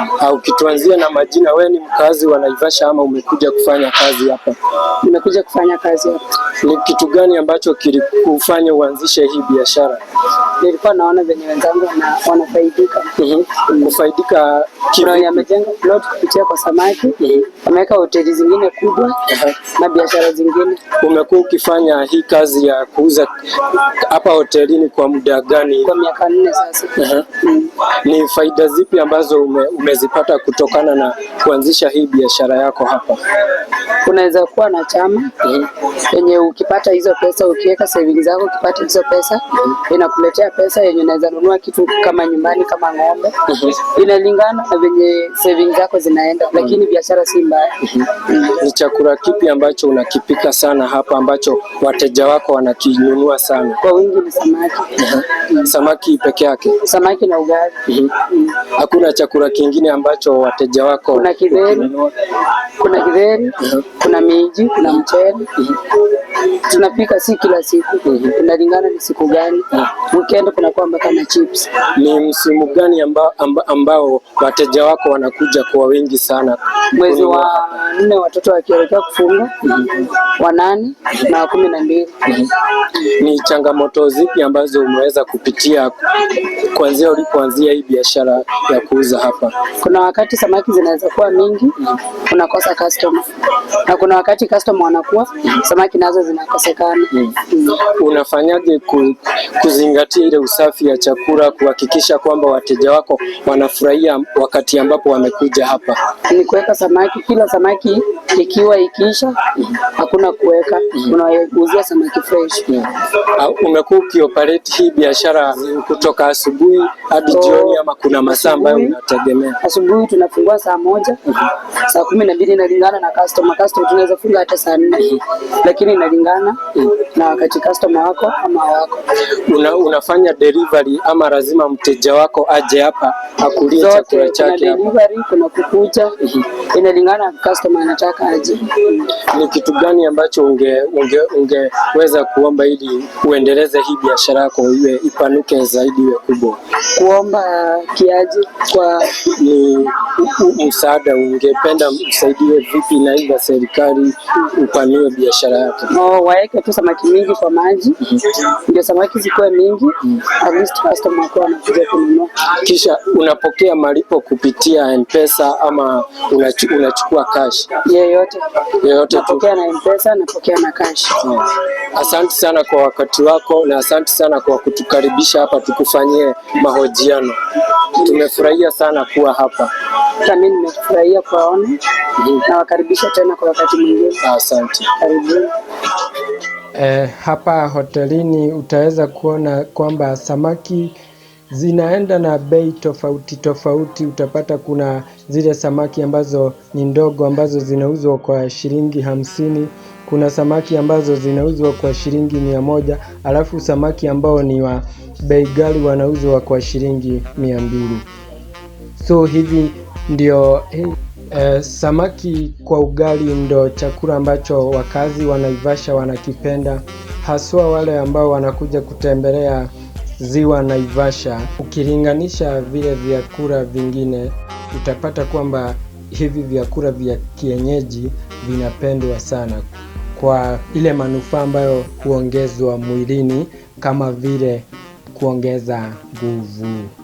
I'm au kituanzia na majina, wewe ni mkazi wa Naivasha ama umekuja kufanya kazi hapa? Nimekuja kufanya kazi hapa. Ni kitu gani ambacho kilikufanya uanzishe hii biashara? Nilikuwa naona venye wenzangu wanafaidika. mm Kufaidika kivipi? Wamejenga plot kupitia kwa samaki, mm wameweka hoteli zingine kubwa uh -huh. na biashara zingine. Umekuwa ukifanya hii kazi ya kuuza hapa hotelini kwa muda gani? Kwa miaka nne sasa. uh -huh. mm -hmm. Ni faida zipi ambazo ume, umezi unazipata kutokana na kuanzisha hii biashara yako hapa? Unaweza kuwa na chama mhm. yenye mm -hmm. Ukipata hizo pesa, ukiweka savings zako, ukipata hizo pesa mm -hmm. inakuletea pesa yenye unaweza nunua kitu kama nyumbani, kama ng'ombe mm -hmm. inalingana na venye savings zako zinaenda mm -hmm. Lakini biashara si mbaya mm -hmm. mm -hmm. Ni chakula kipi ambacho unakipika sana hapa ambacho wateja wako wanakinunua sana? Kwa wingi ni samaki mm -hmm. Samaki peke yake, samaki na ugali mm -hmm. mm -hmm. Hakuna chakula kingine ambacho wateja wako? Kuna kidheri, kuna kidheri, uh-huh. kuna miji, kuna mchele uh-huh. tunapika si kila siku uh-huh. inalingana ni siku gani. Weekend kuna kwamba kama chips. Ni msimu gani ambao amba, ambao wateja wako wanakuja kwa wingi sana? Mwezi wa nne watoto wakielekea kufunga wa nane na wa kumi na mbili. Ni changamoto zipi ambazo umeweza kupitia kuanzia ulipoanzia hii biashara ya kuuza hapa. Kuna wakati samaki zinaweza kuwa mingi, unakosa customer, na kuna wakati customer wanakuwa samaki nazo zinakosekana. Mm. Mm. Unafanyaje kuzingatia ile usafi ya chakula kuhakikisha kwamba wateja wako wanafurahia wakati ambapo wamekuja hapa? Ni kuweka samaki, kila samaki ikiwa ikiisha hakuna kuweka, unauzia samaki fresh. Hmm. Umekuwa ukioperate hii biashara kutoka asubuhi asubuhi hadi jioni, ama kuna masaa ambayo unategemea? Asubuhi tunafungua saa moja mm -hmm. saa kumi na mbili inalingana na customer. Customer tunaweza funga hata saa nne mm -hmm. lakini inalingana mm -hmm. na wakati customer wako ama wako una, unafanya delivery ama lazima mteja wako aje hapa akulie chakula chake hapa? Delivery kuna kukuja mm -hmm. inalingana customer anataka aje. ni kitu gani ambacho unge ungeweza unge kuomba ili uendeleze hii biashara yako iwe ipanuke zaidi iwe kubwa? kuomba kiaje kwa ni msaada, ungependa usaidiwe vipi na ile serikali upanue biashara yako? Oh, waweke tu samaki mingi kwa maji mm -hmm. Ndio samaki zikuwe mingi mm -hmm. At least customer kwa anakuja kununua. Kisha unapokea malipo kupitia Mpesa ama unachukua cash? Yeyote yeyote, napokea tu. na Mpesa napokea na cash yeah. Hmm. Asante sana kwa wakati wako na asante sana kwa kutukaribisha hapa tukufanyie mahojiano. Tumefurahia sana kuwa hapa. Hata mimi nimefurahia kuwaona. Mm-hmm. Nawakaribisha tena kwa wakati mwingine. Asante. Eh, hapa hotelini utaweza kuona kwamba samaki zinaenda na bei tofauti tofauti. Utapata kuna zile samaki ambazo ni ndogo ambazo zinauzwa kwa shilingi hamsini kuna samaki ambazo zinauzwa kwa shilingi mia moja alafu samaki ambao ni wa bei ghali wanauzwa kwa shilingi mia mbili so hivi ndio eh, samaki kwa ugali ndo chakula ambacho wakazi wa Naivasha wanakipenda haswa wale ambao wanakuja kutembelea ziwa Naivasha. Ukilinganisha vile vyakula vingine, utapata kwamba hivi vyakula vya kienyeji vinapendwa sana kwa ile manufaa ambayo huongezwa mwilini kama vile kuongeza nguvu.